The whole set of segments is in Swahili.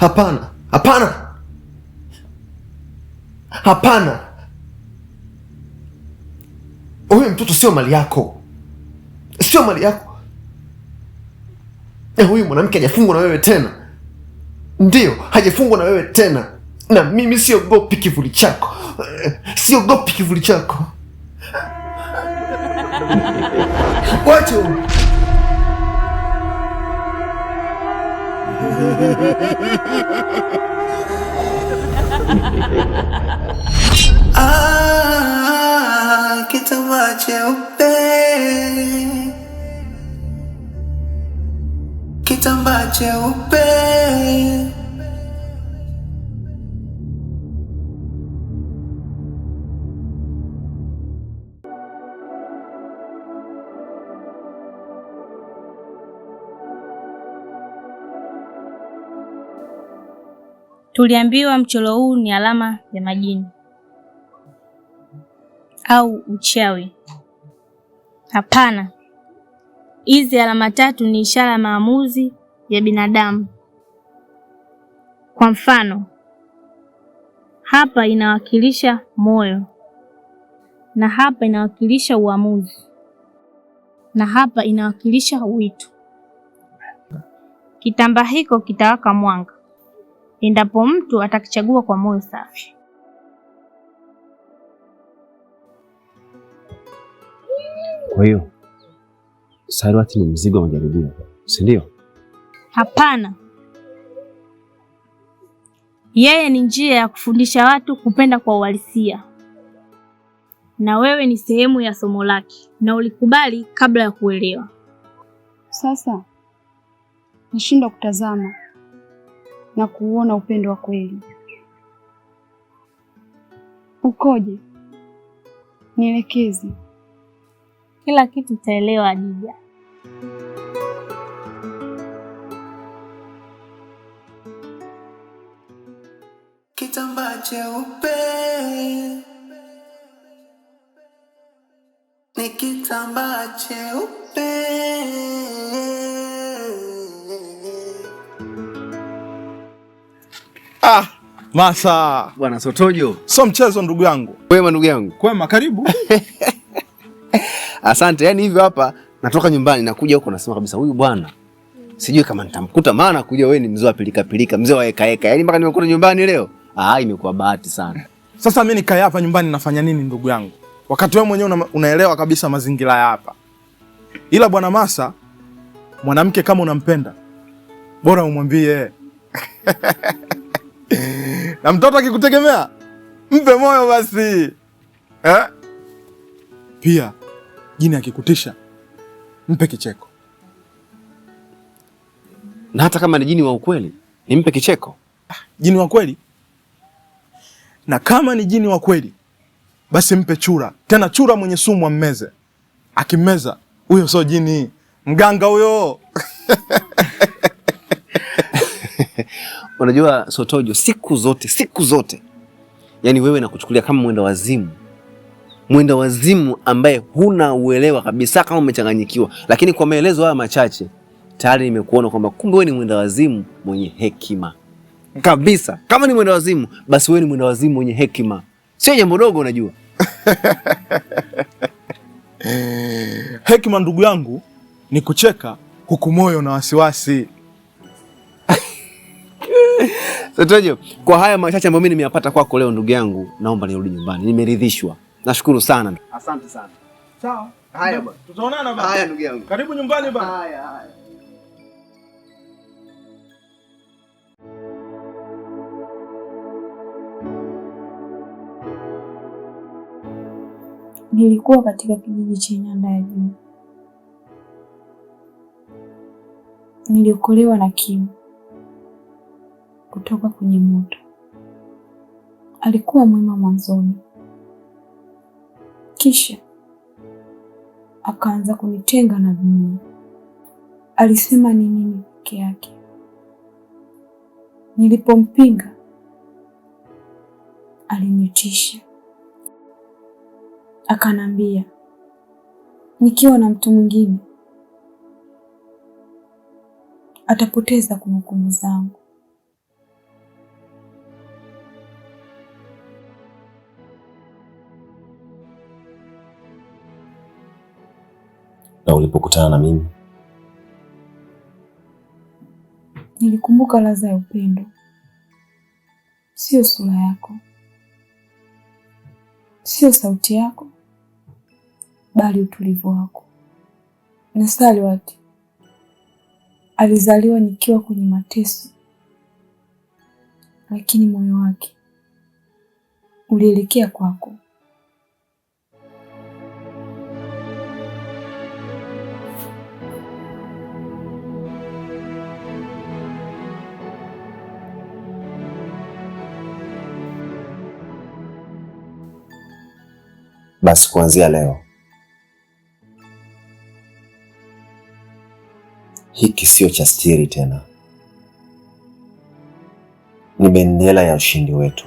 Hapana, hapana, hapana! Huyu mtoto sio mali yako, sio mali yako. Eh, huyu mwanamke hajafungwa na wewe tena, ndiyo, hajafungwa na wewe tena. Na mimi siogopi kivuli chako, eh, siogopi kivuli chako. Wacho ah, kitabu cheupe kitambaa cheupe Tuliambiwa mchoro huu ni alama ya majini au uchawi? Hapana, hizi alama tatu ni ishara ya maamuzi ya binadamu. Kwa mfano, hapa inawakilisha moyo, na hapa inawakilisha uamuzi, na hapa inawakilisha wito. Kitambaa hiko kitawaka mwanga endapo mtu atakichagua kwa moyo safi. Kwa hiyo Sarwati ni mzigo wa majaribio, si ndio? Hapana, yeye ni njia ya kufundisha watu kupenda kwa uhalisia, na wewe ni sehemu ya somo lake na ulikubali kabla ya kuelewa. Sasa nashindwa kutazama na kuuona upendo wa kweli. Ukoje? Nielekeze. Kila kitu utaelewa, Adija. Kitambaa cheupe ni kitambaa cheupe Ah, Masa. Bwana Sotojo. So mchezo ndugu yangu. Kwema ndugu yangu. Kwema karibu. Asante. Yaani hivyo hapa natoka nyumbani nakuja huko nasema kabisa huyu bwana sijui kama nitamkuta maana kuja wewe ni mzee wa pilika pilika, mzee wa heka heka. Yaani mpaka nimekuta nyumbani leo. Ah, imekuwa bahati sana. Sasa mimi nikae hapa nyumbani nafanya nini ndugu yangu? Wakati wewe mwenyewe una, unaelewa kabisa mazingira ya hapa. Ila bwana Masa, mwanamke kama unampenda bora umwambie na mtoto akikutegemea mpe moyo basi eh? Pia jini akikutisha mpe kicheko, na hata kama ni jini wa ukweli nimpe kicheko. Ah, jini wa kweli. Na kama ni jini wa kweli basi mpe chura, tena chura mwenye sumu ammeze. akimeza huyo sio jini, mganga huyo Unajua Sotojo, siku zote siku zote, yani wewe nakuchukulia kama mwenda wazimu, mwenda wazimu ambaye huna uelewa kabisa, kama umechanganyikiwa. Lakini kwa maelezo haya machache tayari nimekuona kwamba kumbe wewe ni mwenda wazimu mwenye hekima kabisa. Kama ni mwenda wazimu, basi wewe ni mwenda wazimu mwenye hekima, sio jambo dogo, unajua hekima ndugu yangu ni kucheka huku moyo na wasiwasi Sotojo, kwa haya machache ambayo mimi nimeyapata kwako leo, ndugu yangu, naomba nirudi nyumbani. Nimeridhishwa, nashukuru sana. Asante sana. Sawa. Haya bwana, tutaonana bwana. Haya ndugu yangu, karibu nyumbani bwana. Haya haya. Nilikuwa katika kijiji cha Nyanda ya Juu, niliokolewa na Kimu kutoka kwenye moto. Alikuwa mwema mwanzoni, kisha akaanza kunitenga na dunia. Alisema ni mimi peke yake. Nilipompinga alinitisha, akanambia nikiwa na mtu mwingine atapoteza kumbukumbu zangu. na ulipokutana na mimi nilikumbuka ladha ya upendo, sio sura yako, sio sauti yako, bali utulivu wako. Na Salwati alizaliwa nikiwa kwenye mateso, lakini moyo wake ulielekea kwako. Basi kuanzia leo hiki sio cha stiri tena, ni bendera ya ushindi wetu.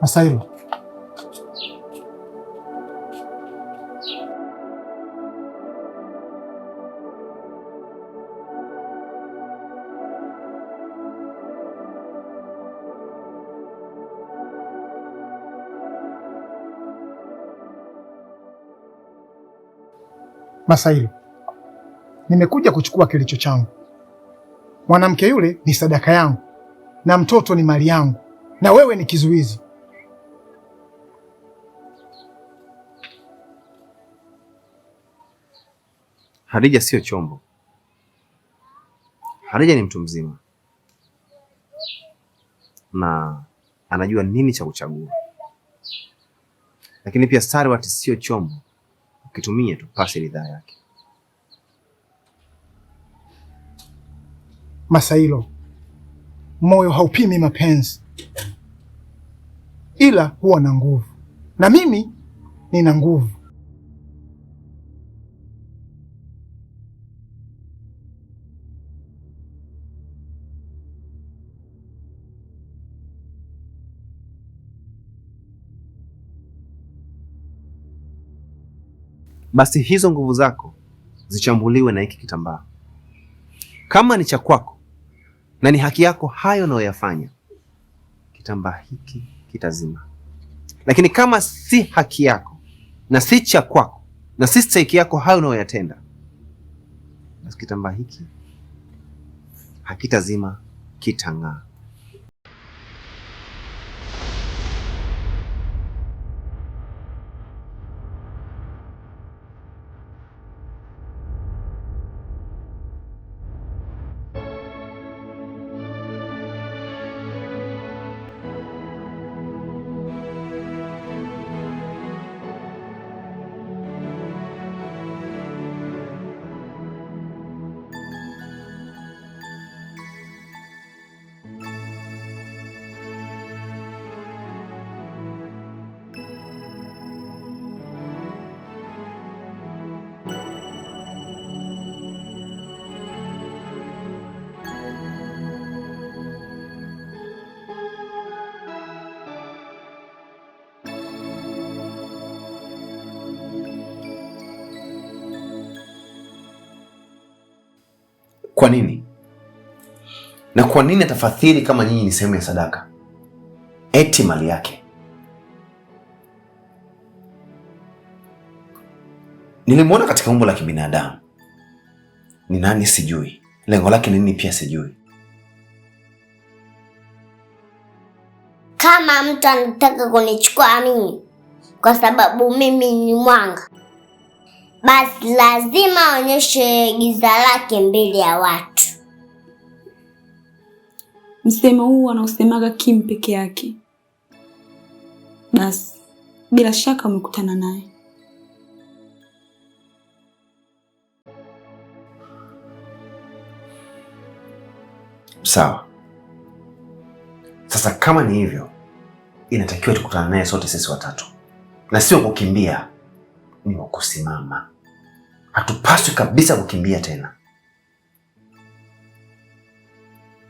Hasa Masailo, nimekuja kuchukua kilicho changu. Mwanamke yule ni sadaka yangu na mtoto ni mali yangu, na wewe ni kizuizi. Hadija sio chombo. Hadija ni mtu mzima na anajua nini cha kuchagua, lakini pia Sarwati sio chombo, ukitumia tu pasi ridhaa yake. Masailo, moyo haupimi mapenzi, ila huwa na nguvu, na mimi nina nguvu basi hizo nguvu zako zichambuliwe na hiki kitambaa. Kama ni cha kwako na ni haki yako hayo unayoyafanya, kitambaa hiki kitazima. Lakini kama si haki yako na si cha kwako na si stahiki yako hayo unayoyatenda, basi kitambaa hiki hakitazima, kitang'aa. Kwa nini? Na kwa nini atafadhili kama nyinyi ni sehemu ya sadaka? Eti mali yake. Nilimwona katika umbo la kibinadamu. Ni nani sijui, lengo lake nini pia sijui. Kama mtu anataka kunichukua mimi kwa sababu mimi ni mwanga basi lazima aonyeshe giza lake mbele ya watu. Msemo huu anaosemaga Kim peke yake. Basi bila shaka umekutana naye. Sawa. Sasa kama ni hivyo, inatakiwa tukutane naye sote sisi watatu, na sio kukimbia ni wa kusimama. Hatupaswi kabisa kukimbia tena.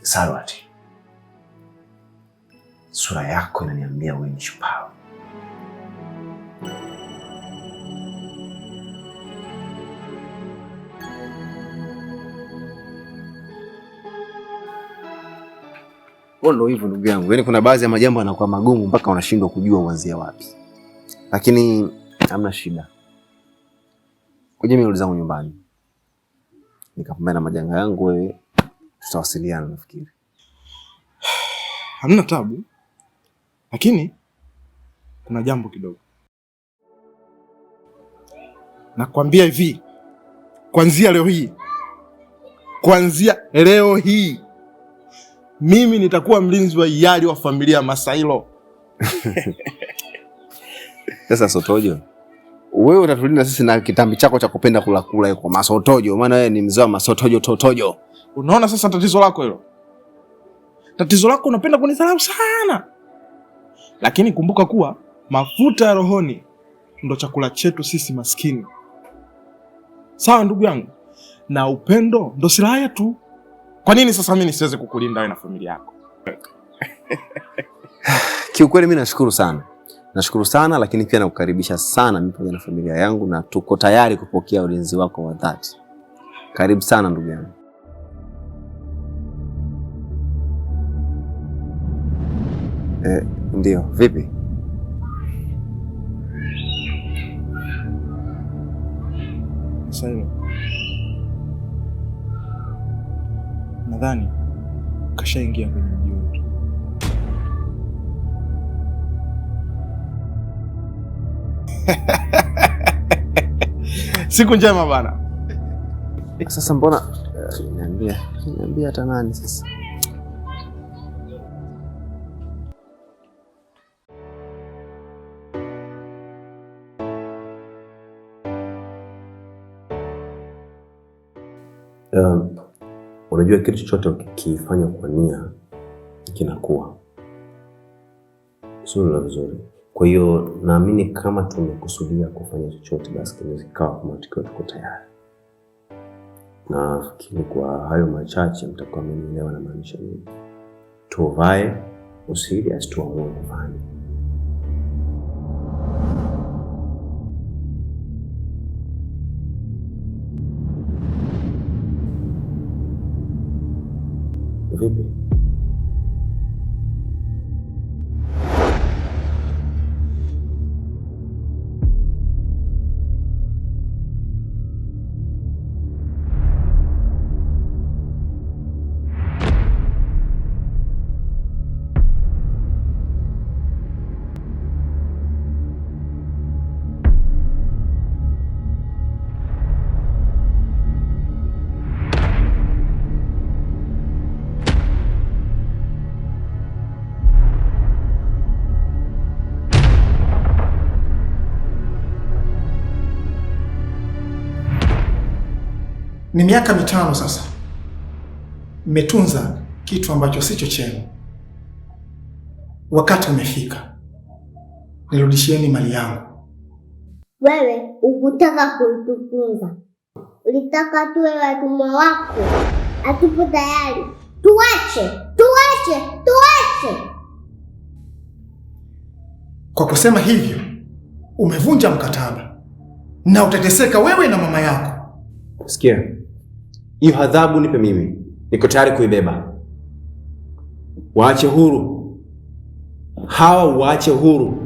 Sarwati, sura yako inaniambia wewe ni shupavu. Ndio hivyo ndugu yangu, yaani kuna baadhi ya majambo yanakuwa magumu mpaka unashindwa kujua uanzie wapi, lakini hamna shida. Ngoja mimi zangu nyumbani nikapambana na majanga yangu, wewe tutawasiliana. Nafikiri hamna tabu, lakini kuna jambo kidogo nakwambia hivi, kuanzia leo hii, kuanzia leo hii mimi nitakuwa mlinzi wa hiari wa familia Masailo. Sasa Sotojo wewe utatulinda sisi na kitambi chako cha kupenda kula kula yuko masotojo, maana wewe ni mzee wa masotojo totojo. Unaona sasa tatizo lako hilo, tatizo lako unapenda kunidharau sana, lakini kumbuka kuwa mafuta ya rohoni ndo chakula chetu sisi maskini. Sawa ndugu yangu, na upendo ndo silaha yetu. Kwa nini sasa mimi nisiweze kukulinda wewe na familia yako? Kiukweli mimi nashukuru sana Nashukuru sana lakini pia nakukaribisha sana mimi pamoja na familia yangu, na tuko tayari kupokea ulinzi wako wa dhati. Karibu sana ndugu yangu. Eh, ndio. Vipi? Sasa Nadhani kashaingia kwenye Siku njema bana. Sasa mbona niambia eh, niambia hata nani sasa? Um, unajua kitu chochote ukikifanya kwa nia kinakuwa sio la vizuri kwa hiyo naamini kama tumekusudia kufanya chochote, basi kinaweza kikawa kama tukiwa tuko tayari. Nafikiri kwa hayo machache mtakuwa mmenielewa na maanisha nini. Tuvae usiri asituamue kufanya vipi Ni miaka mitano sasa mmetunza kitu ambacho sicho chenu. Wakati umefika, nirudishieni mali yangu. Wewe ukutaka kuitukuza, ulitaka tuwe watumwa wako. Hatupo tayari, tuache, tuache, tuache. Kwa kusema hivyo, umevunja mkataba na utateseka wewe na mama yako. Sikia hiyo adhabu nipe mimi, niko tayari kuibeba. Waache huru hawa, waache huru.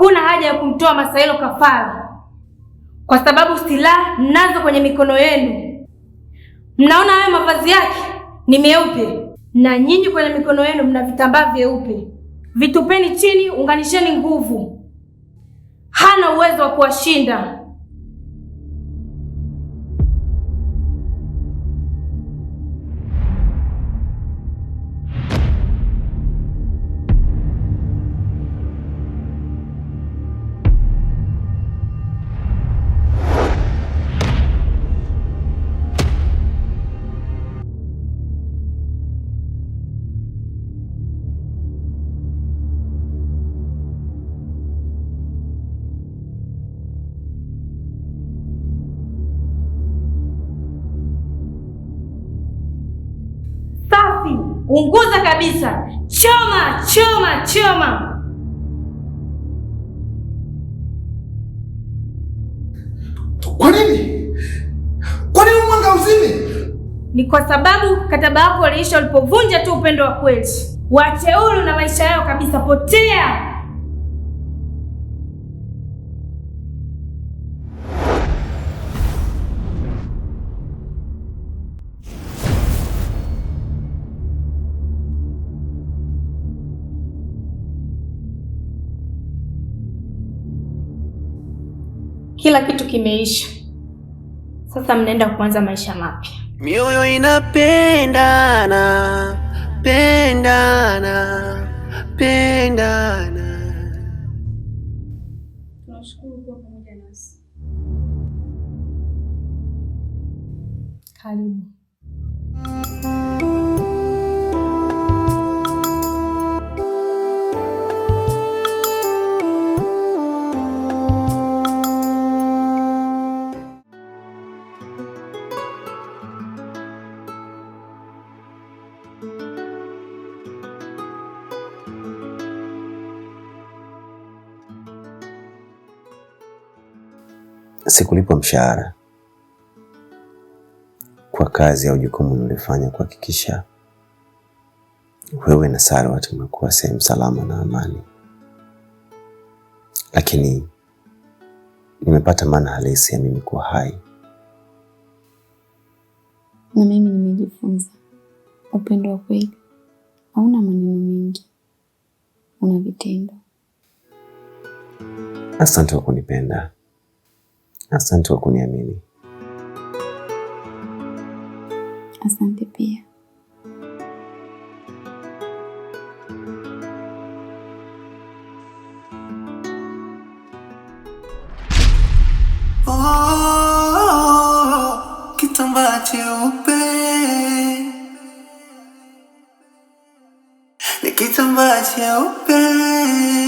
hakuna haja ya kumtoa masailo kafara, kwa sababu silaha mnazo kwenye mikono yenu. Mnaona hayo mavazi yake ni meupe, na nyinyi kwenye mikono yenu mna vitambaa vyeupe. Vitupeni chini, unganisheni nguvu. Hana uwezo wa kuwashinda. kabisa. Choma, choma, choma. Kwa nini? Kwa nini mwanga uzime? Ni kwa sababu kataba wako waliisha ulipovunja tu upendo wa kweli. Wacheulu na maisha yao kabisa, potea. Kila kitu kimeisha, sasa mnaenda kuanza maisha mapya. Mioyo inapendana pendana pendana. Tunashukuru kwa pamoja nasi. Karibu. sikulipwa mshahara kwa kazi au jukumu nilifanya kuhakikisha wewe na Sara watu mnakuwa sehemu salama na amani, lakini nimepata maana halisi ya mimi kuwa hai. Na mimi nimejifunza upendo wa kweli hauna maneno mengi, una vitendo. Asante kwa kunipenda. Asante kwa kuniamini. Asante pia. Oh, oh, kitambaa cheupe ni kitambaa cheupe